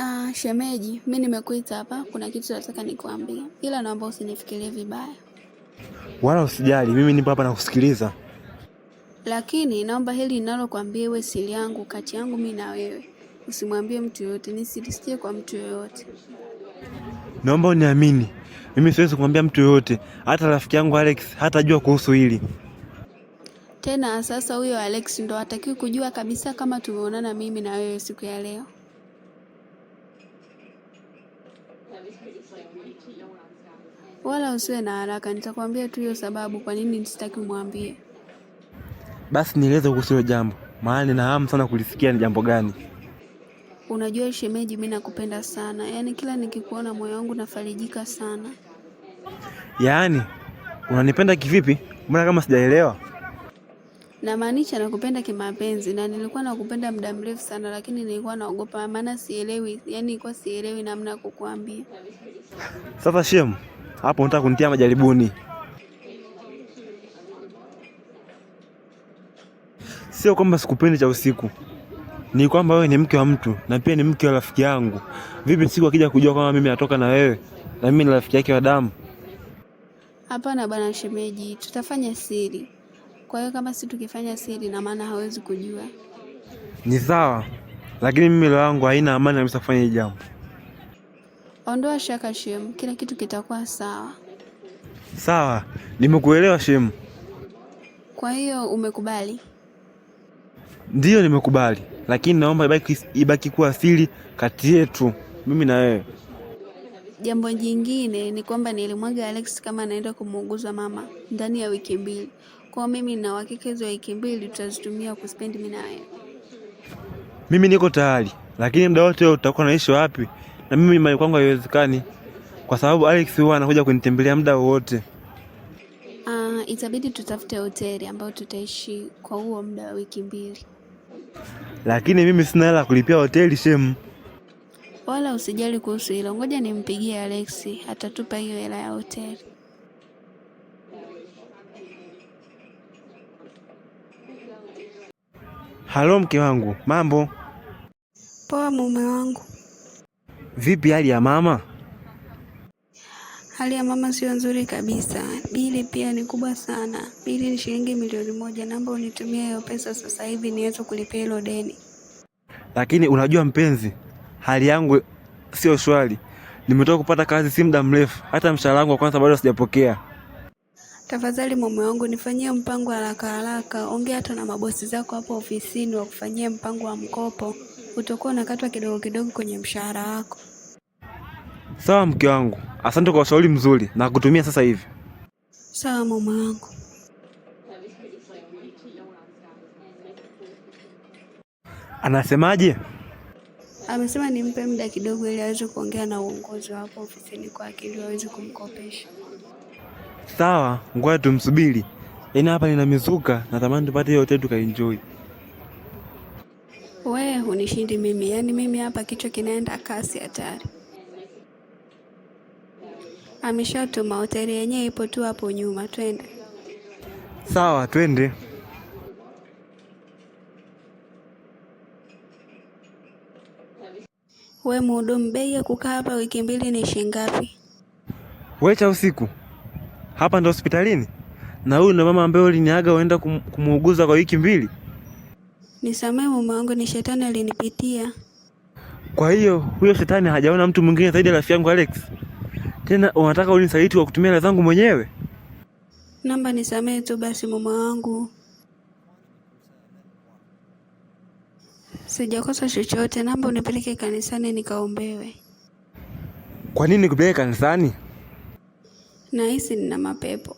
Ah, shemeji, mi nimekuita hapa, kuna kitu nataka nikuambie, ila naomba usinifikirie vibaya. Wala usijali, mimi nipo hapa nakusikiliza, lakini naomba hili ninalokuambia iwe siri yangu kati yangu mi na wewe, usimwambie mtu yoyote, nisisikie kwa mtu yoyote. Naomba uniamini, mimi siwezi kumwambia mtu yoyote, hata rafiki yangu Alex hatajua kuhusu hili tena. Sasa huyo Alex ndo hatakiwi kujua kabisa kama tumeonana mimi na wewe siku ya leo. Wala usiwe na haraka, nitakwambia tu hiyo sababu kwa nini nisitaki mwambie Basi nieleze kuhusu hilo jambo, maana nina hamu sana kulisikia ni jambo gani. Unajua shemeji, mimi nakupenda sana, yaani kila nikikuona moyo wangu nafarijika sana. Yaani unanipenda kivipi? Mbona kama sijaelewa? Namaanisha nakupenda kimapenzi na nilikuwa nakupenda muda mrefu sana, lakini nilikuwa naogopa, maana sielewi, yani ilikuwa sielewi namna ya kukuambia. Sasa shemu hapo, unataka kunitia majaribuni? Sio kwamba sikupendi cha usiku, ni kwamba wewe ni mke wa mtu na pia ni mke wa rafiki yangu. Vipi siku akija kujua kama mimi natoka na wewe na mimi ni rafiki yake wa damu? Hapana bwana shemeji, tutafanya siri kwa hiyo kama si tukifanya siri, na maana hawezi kujua. Ni sawa, lakini mimi roho yangu haina amani kabisa kufanya hili jambo. Ondoa shaka Shemu, kila kitu kitakuwa sawa. Sawa, nimekuelewa Shemu. Kwa hiyo umekubali? Ndiyo, nimekubali, lakini naomba ibaki, ibaki kuwa siri kati yetu mimi na wewe. Jambo jingine ni kwamba nilimwaga Alex kama anaenda kumuuguza mama ndani ya wiki mbili. Kwa mimi na uhakika hizo wiki mbili tutazitumia kuspendi mimi naye. Mimi niko tayari, lakini muda wote utakuwa naishi wapi? Na mimi nyumbani kwangu haiwezekani, kwa sababu Alex huwa anakuja kunitembelea muda wowote. Uh, itabidi tutafute hoteli ambayo tutaishi kwa huo muda wa wiki mbili. Lakini mimi sina hela kulipia hoteli shemu. Wala usijali kuhusu hilo, ngoja nimpigie Alex, atatupa hiyo hela ya hoteli. Halo mke wangu, mambo? Poa mume wangu. Vipi hali ya mama? Hali ya mama sio nzuri kabisa, bili pia ni kubwa sana. Bili ni shilingi milioni moja. Naomba unitumie hiyo pesa sasa hivi niweze kulipia hilo deni. Lakini unajua mpenzi, hali yangu sio shwari, nimetoka kupata kazi si muda mrefu, hata mshahara wangu wa kwanza bado sijapokea. Tafadhali mume wangu nifanyie mpango haraka haraka, ongea hata na mabosi zako hapo ofisini wakufanyie mpango wa mkopo, utakuwa unakatwa kidogo kidogo kwenye mshahara wako. Sawa mke wangu, asante kwa ushauri mzuri na kutumia sasa hivi. Sawa mume wangu. Anasemaje? Amesema nimpe muda kidogo, ili aweze kuongea na uongozi wa hapo ofisini kwake, ili waweze kumkopesha sawa, ngoja tumsubiri. Yaani hapa nina mizuka, natamani tupate hiyo hoteli tukaenjoy. We unishindi mimi, yaani mimi hapa kichwa kinaenda kasi hatari. Ameshatuma hoteli yenyewe ipo tu hapo nyuma, twende. Sawa, twende. We mhudumu, bei ya kukaa hapa wiki mbili ni shilingi ngapi? Wecha usiku hapa ndo hospitalini? Na huyu ndo mama ambaye uliniaga uenda kum, kumuuguza kwa wiki mbili? Nisamehe mume wangu, ni shetani alinipitia. Kwa hiyo huyo shetani hajaona mtu mwingine zaidi ya rafiki yangu Alex. Tena unataka unisaliti kwa kutumia hela zangu mwenyewe? Namba, nisamehe tu basi mume wangu, sijakosa chochote. Namba, unipeleke kanisani nikaombewe. Kwa nini nikupeleke kanisani? Nahisi nina mapepo.